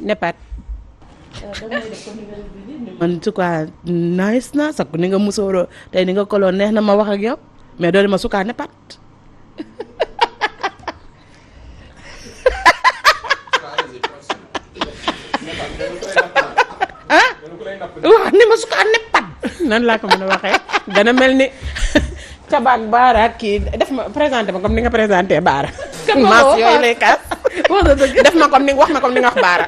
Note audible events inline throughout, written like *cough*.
nepat man en nice na sax ni nga musooroo tey ni nga koloo neex na ma wax ak yow mais doole ma sukaa nepat ah waaw ni nan laa ko mën a waxee dana mel ni *laughs* cabaak baara kii def ma présenté ma comme ni nga présenté baara maas yooyu lay kaas wax na dëgg def na comme ni wax na comme ni nga wax baara.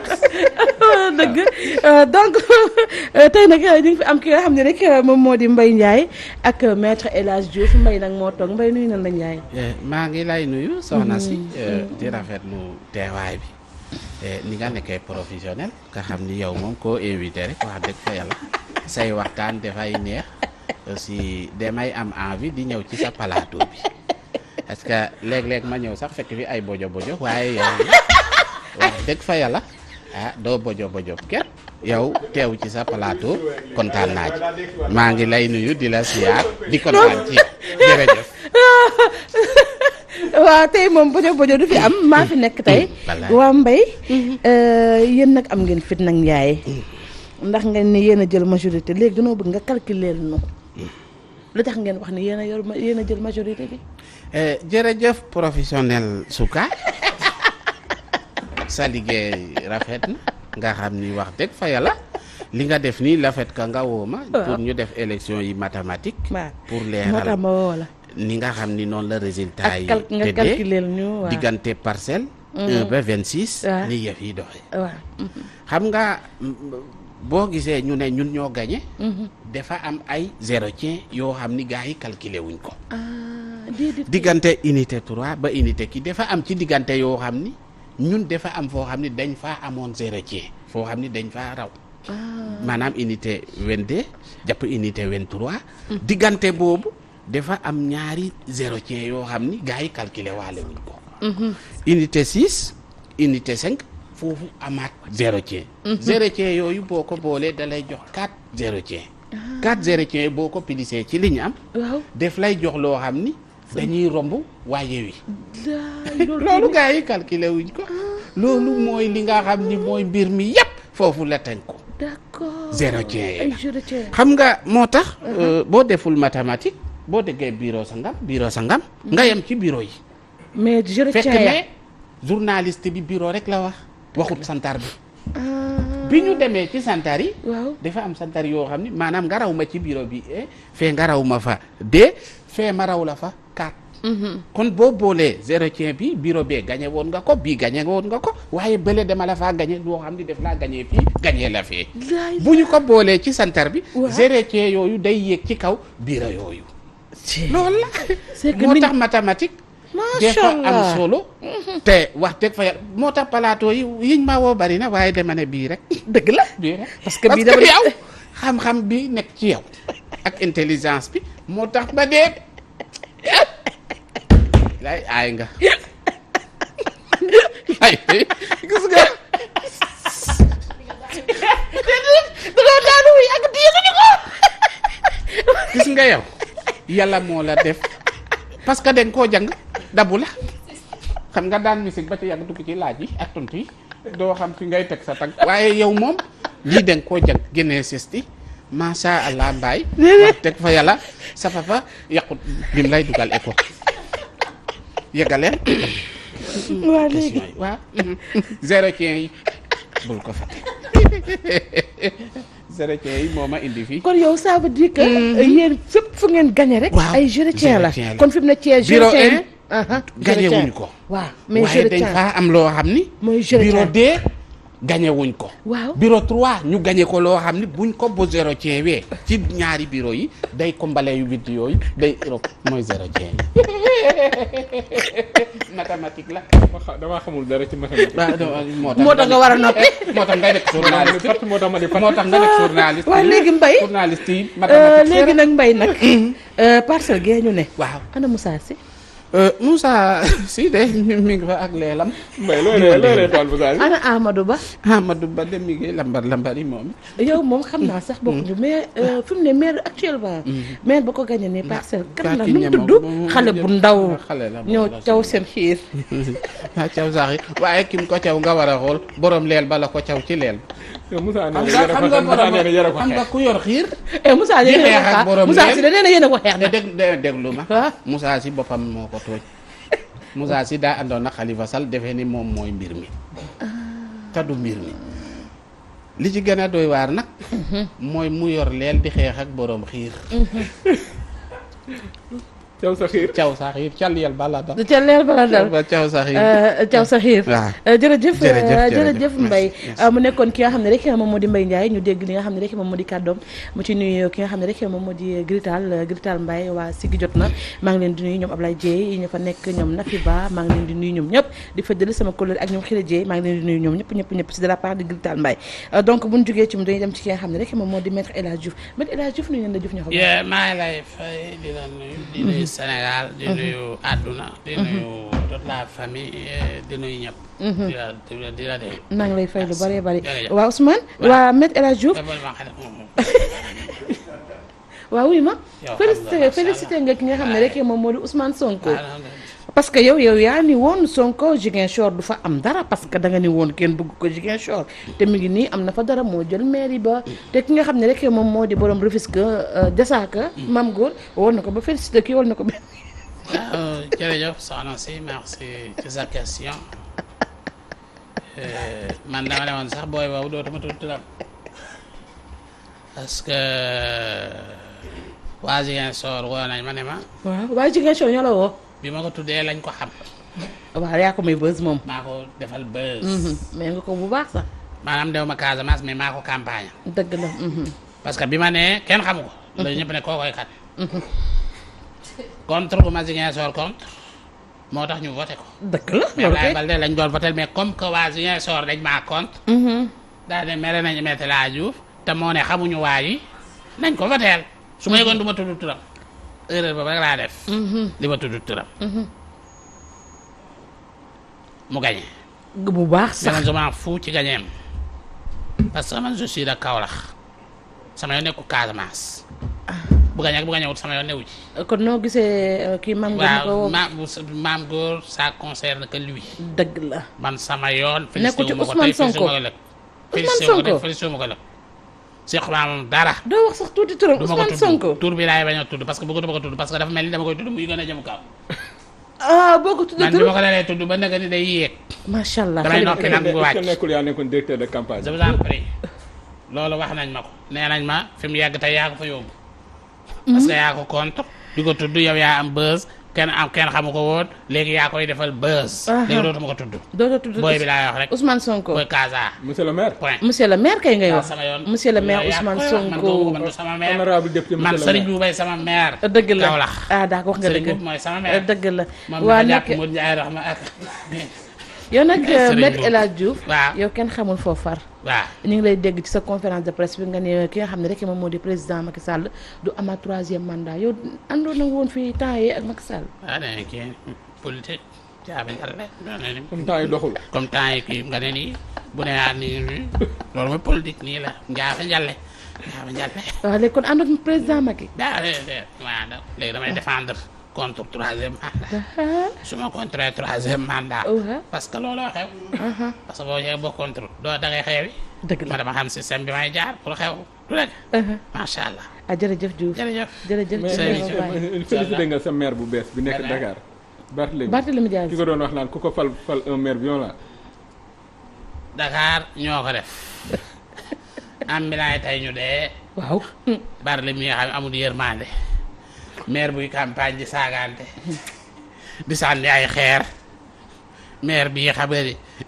dëgg euh, donc *laughs* euh, tey nag euh, ñu ngi fi am ki nga xam ne rek moom moo di mbay Ndiaye ak maître El Hadj Diouf nag moo toog mbay nuyu na la Ndiaye. Eh, maa ngi lay nuyu soxna si. Mm-hmm. di lu teewaay bi. Eh, ni nga nekkee professionnel nga xam ni yow moom koo invité rek wax dëgg fa say waxtaan dafay neex si damay am envie di ñëw ci sa plateau bi. parce que léeg ma ñëw sax fekk fi ay bojo bojo waaye yow *laughs* wax dëgg fa yàlla ah doo bojo bojo kenn yow teew ci sa plateau kontaan naa maa ngi lay nuyu di la siyaar di kontaan ci *laughs* moom bojo bojo nekk tey. Mm, waa mbay mm-hmm. euh, yéen nag am ngeen fit nag yaay mm. ndax ngeen ni yéen a jël majorité léegi danoo bëgg nga calculer nu mm. lu tax ngeen wax ni yéen a yéen a jël majorité bi. Eh, jërëjëf professionnel Souka sa liggéey rafet na nga xam ni wax dëgg fa yàlla li nga def nii la fait ka nga woo ma pour ñu def élection yi mathématique pour leeral ni nga xam ni noonu la résultat yi tëddee diggante parcelle 1 mm-hmm. ba 26 ni yëf yi doxee mm-hmm. xam nga boo gisee ñu ne ñun ñoo gagné. Mhm. dafa am ay zéro tien yoo xam ni gars yi calculé wuñ ko. Ah, diggante unité 3 ba unité kii dafa am ci diggante yoo xam ni ñun dafa am foo xam ni dañ faa amoon zéro tien foo xam ni dañ faa raw. Ah. maanaam unité 22 jàpp unité 23. Mhm. diggante boobu dafa am ñaari zéro tien yoo xam ni gars yi calculé waale wuñ ko. Mhm. unité 6 unité 5. foofu amaat zéro tien mm-hmm. zéro tien yooyu boo ko boolee dalay jox quatre zéro tien ah. quatre zéro tien boo ko pilisee ci li ñu am def lay jox loo xam ni dañuy romb waaye wi loolu *laughs* gars yi calculer wuñ ko ah. loolu mooy li nga xam ni mooy mbir mi yépp foofu la tënk ko d'accord zéro tien yi xam nga moo tax uh-huh. euh, boo deful mathématique boo déggee bureau sangam bureau sangam nga mm-hmm. yem ci bureau yi fekk ne journaliste bi bureau rek la wax waxut santar bi ah. bi ñu demee ci santar yi dafa am santar yoo xam ni maanaam nga raw ma ci bureau bi eh, fee nga raw ma fa deux fee ma raw la fa quatre mhm. kon boo boolee zérotiens bi bureau bee gagné woon nga ko bii gagné woon nga ko waaye bële dama la faa gagné loo xam ni def laa gagné fii gagné la fee bu ñu ko boolee ci santar bi zérotiens yooyu day yéeg ci kaw bureau yooyu loolu la moo tax mathématique des fois am solo. te wax fa yàlla moo tax palaatoo yi yiñ ma woo bari na waaye dama ne bii rek. *laughs* dëgg la bii rek parce que bii dama yow *laughs* xam-xam bi nekk ci yow ak intelligence bi moo tax ba dee. nga. gis nga. ko. gis nga yow yàlla moo la def parce que dañ koo jàng. dabu la xam nga daan musique ba ci yàgg dugg ci laaj yi ak tontu yi doo xam fi ngay teg sa tànk waaye yow moom lii danga koo jag génnee sesti macha allah mbaay teg fa yàlla sa papa yàqut bim lay dugal école yëgaleen waaw léegi waaw mhm. zéro yi bul ko fàtte géretien *laughs* yi moo ma indi fii. kon yow ça veut dire que. Mhm. yéen fépp fu ngeen gagné rek. ay géretien la kon fi mu ne cee géretien gañe wuñ ko waaw mais waaye dañ faa am loo xam ni bureau deux gañe wuñ ko waaw bureau trois ñu gañe ko loo xam ni buñ ko bu zéro ceewee ci ñaari bureau yi day ko yu bit yooyu day europe mooy zéro ceewe *laughs* la damaa xamul ci mathématique ah, moo tax nga war a noppi moo tax nga nekk journaliste moo tax nga nekk léegi mbay journaliste yi euh, léegi nag mbay nag mm-hmm. euh, parcelle gee ñu ne waaw ana Moussa Sy Euh, Moussa *laughs* si de mi ngi fa ak leelam. mbay loolee loolee xool Moussa bi. ana Amadou Ba. Amadou Ba dem mi ngi lambar lambari moom. yow moom xam naa sax bokkuñu mais euh, mm. fi mu ne maire actuellement. Mm. maire ba ko gagné ne parcelle kan la nu tudd xale bu ndaw. *laughs* ñoo caw seen xiir. ah caw sax yi waaye kim ko caw nga war a xool borom leel bala ko caw ci leel. yow Moussa nee na yéen a ah? si boppam moo ko *laughs* si daa àndoon na Khalifa Sall defee ni moom mooy mbir mi ah. te mbir mi li ci gën a doy waar nag mhm. mooy mu yor leel di xeex ak boroom xiir mhm. *laughs* caw sa xiir caw sa xiir calliyal balaa dal calliyal balaa dal caw sa xiir caw sa xiir jërëjëf jërëjëf eh, Mbaye ah, mu nekkoon ki nga xam ne rek moom moo di Mbaye Ndiaye ñu dégg li nga xam ne rek moom moo di kàddoom mu ci nuyu ki nga xam ne rek moom moo di Grital eh, Grital Mbaye waa Sigi jot na maa ngi leen di nuyu ñoom Ablaye Dieye yi ñu fa nekk ñoom Nafi Ba maa ngi leen di nuyu ñoom ñëpp di fëddali sama collègue ak ñoom Xila Dieye maa ngi leen di nuyu ñoom ñëpp ñëpp ñëpp si de la part de Grital Mbaye eh, donc buñ jógee ci mu dañuy dem ci ki nga xam ne rek moom moo di maître El Hadj Diouf maître El Hadj Diouf nuyu leen la Diouf ñoo xam nuyu Sénégal di mhm. nuyu àdduna di mhm. nuyu toute la famille eh, di nuyu ñëpp mhm. di la di la dégg maa ngi lay fay lu bëree bëri waaw Ousmane waa Maître El Hadji Diouf *laughs* wuy ma félicité félicité nga ki nga moom moo di Sonko parce que yow yow yaa ni woon Sonko Ziguinchor du fa am dara parce que da nga ni woon kenn bëgg ko Ziguinchor te mu ngi nii am na fa dara moo jël mairie ba te ki nga xam ne rek moom moo di borom Rufisque Jasaaka euh, mam góor woon na ko ba félicité kii woon na ko benn waaw ah, jërëjëf soxna euh, ne woon sax booy boobu dootuma tudd turam parce que euh, waa Ziguinchor woo nañ ma ne ma waaw waa Ziguinchor ñoo la bi ma ko tuddee lañ ko xam. waaw yaa ko may buzz moom. maa ko defal buzz. Mhm. mais nga ko bu baax sax. maanaam dew ma Casamance mais maa ko campagne. dëgg la. Mhm. parce que bi ma nee kenn xamu ko. Mhm. loolu ñëpp ne koo koy kat. contre bu ma Ziguinchor contre moo tax ñu voté ko. dëgg la mais Abdoulaye lañ doon voté mais comme que waa Ziguinchor dañ maa contre. daal mere nañu métti laa Diouf te moo ne xamuñu waa yi nañ ko voteel su ma yëgoon du ma tudd erreur boobu rek laa def. li mhm. ma tudd turam. Mhm. mu gagné. bu baax sax man ci gagné que man je suis de Kaolack sama yoon nekku Casamance. Ah. bu gagné ak bu gagné wut sama yoon newu ci. Euh, kon noo gisee euh, kii maam góor waaw maam góor ça concerne que lui. dëgg la man sama yoon. nekkul ma ko tey félicité wu ma ko lëkk. sequma moom dara. doo wax sax tuuti turam Ousmane Sonko tur bi laay bañ a tudd parce que bëggatuma ko tudd parce que dafa mel dama koy tudd muy gën a jëm kaw. Ah, boo ko tuddee turam tudd ba naka ni day yéeg. damay nokki nag mu wàcc loolu wax nañ ma ko nee nañ ma fi mu yàgg tey yaa ko fa yóbbu. Hmm? parce que yaa ko contre di tudd yow yaa am buzz kenn am kenn xamu ko woon léegi yaa koy defal buzz. Ah, ah. léegi dootuma ko tudd. dootoo tudd booy bi laa wax rek Ousmane Sonko booy Kaza. monsieur le maire point. monsieur le maire kay ngay ah, wax sama yoon monsieur le maire Ousmane Sonko man sama maire honorable sama maire. dëgg la ah d'accord wax nga dëgg. dëgg la. waa nekk moom jàpp Modou yow nag eh, Maître El Hadj Diouf yow kenn xamul foo far waaw ñu ngi lay dégg ci sa conférence de presse nga ne ki nga xam ne rek moom moo di président Macky Sall du ama troisième mandat yow àndoon na woon fii temps yi ak Macky Sall. Ah, na kii politique caabi dara temps nga ne nii bu ne ah nii loolu mooy politique nii la njaafe njàlle njaafe njàlle. waaw léegi kon ànd ak président Macky. daa léegi damay défendre. contre troisième mandat. su ma contre troisième mandat. parce que looloo xew. parce que boo ñëwee doo dangay xewi. ma dama xam système bi may jaar pour xew. du allah. ah jërëjëf Diouf jërëjëf. jërëjëf jërëjëf félicité nga sa maire bu bees bi nekk Dakar. Barthélémy Barthélémy Dias ki ko doon wax naan ku ko fal fal maire bi la. Dakar ñoo ko def. *laughs* am bi laay tey ñu dee. waaw. Barthélémy mi nga xam ne amul maire buy campagne di saagaante di sànni ay xeer maire bi xam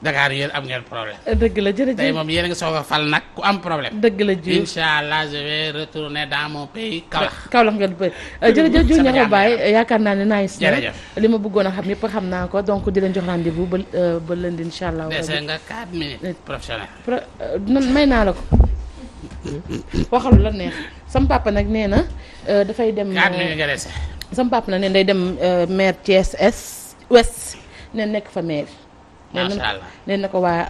nga ni am ngeen problème. Eh, dëgg la jërëjëf tey moom yéen a ngi nag ku am problème. dëgg la jërëjëf incha allah je vais retourner dans mon pays Kaolack. Eh, eh, yaakaar naa ne naa gis. jërëjëf li ma bëggoon a xam yëpp xam naa ko donc di leen jox rendez-vous ba ba lundi incha allah. nga 4 minutes professionnel. may naa la ko. waxal la neex sam papa nag nee na euh, dafay dem. Euh, sam papa nag nee day dem euh, maire Thiès Est Ouest nekk fa maire. macha allah nee na ko waa.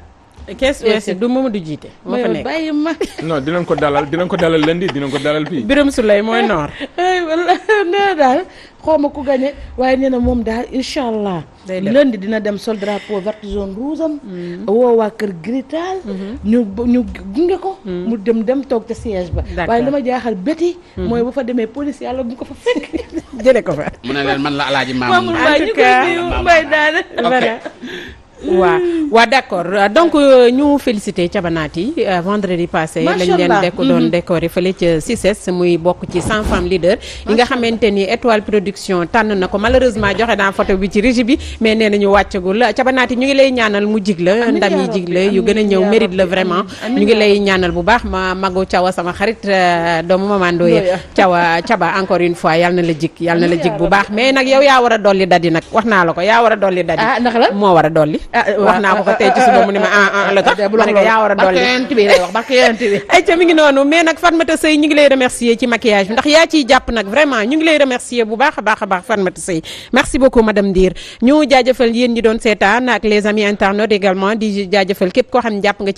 kees weese du Mamadou Jiite moo fa bàyyi ma non dinañ ko dalal dinañ ko dalal lundi dinañ ko dalal fii Birame Souleye mooy noor nee daal xawma ku gañe waaye nee na moom daal incha allah dina dem sol drapeau vert jaune rouge am mm-hmm. waa kër grital mm-hmm. ñu ñu gunge ko mm-hmm. mu dem dem toog ca siège ba waaye li ma jaaxal béti mooy bu fa demee police yàlla bu ko fa fekk *laughs* jële ko fa mu ne leen man la alaaji maam en tout cas mbay daal waa waa d'accord donc euh, ñu félicité Thiabanati euh, vendredi passé lañ leen deko doon mhm. décoré fële ca CICES muy bokk ci 100 femmes leaders yi nga xamante ni étoile production tànn na ko malheureusement joxe naa photo bi ci régie bi mais nee nañu wàccagul Thiabanati ñu ngi lay ñaanal mu jig la ndam yi jig la yu gën a ñëw mérite la vraiment ñu ngi lay ñaanal bu baax ma mago Thiawa sama xarit euh, doomu mamandooye Thiawa Thiaba encore une fois yàlla na la jig yàlla na la jig bu baax mais nag yow yaa war a dolli dadi nag wax naa la ko yaa war a dolli dadi ah, moo war a dolli Ah, wax naa ko ko tey ci suba mu ne ma ah ah la tax a dolli barke bi lay wax ay *laughs* ca mi ngi noonu mais nag Fatmata Seye ñu ngi lay remercier ci maquillage bi ndax yaa ciy jàpp nag vraiment ñu ngi lay remercier bu baax a baax a baax Fatmata Seye merci beaucoup madame Ndir ñu jaajëfal yéen ñi doon seetaan ak les amis également di jaajëfal képp koo xam ne jàpp nga ci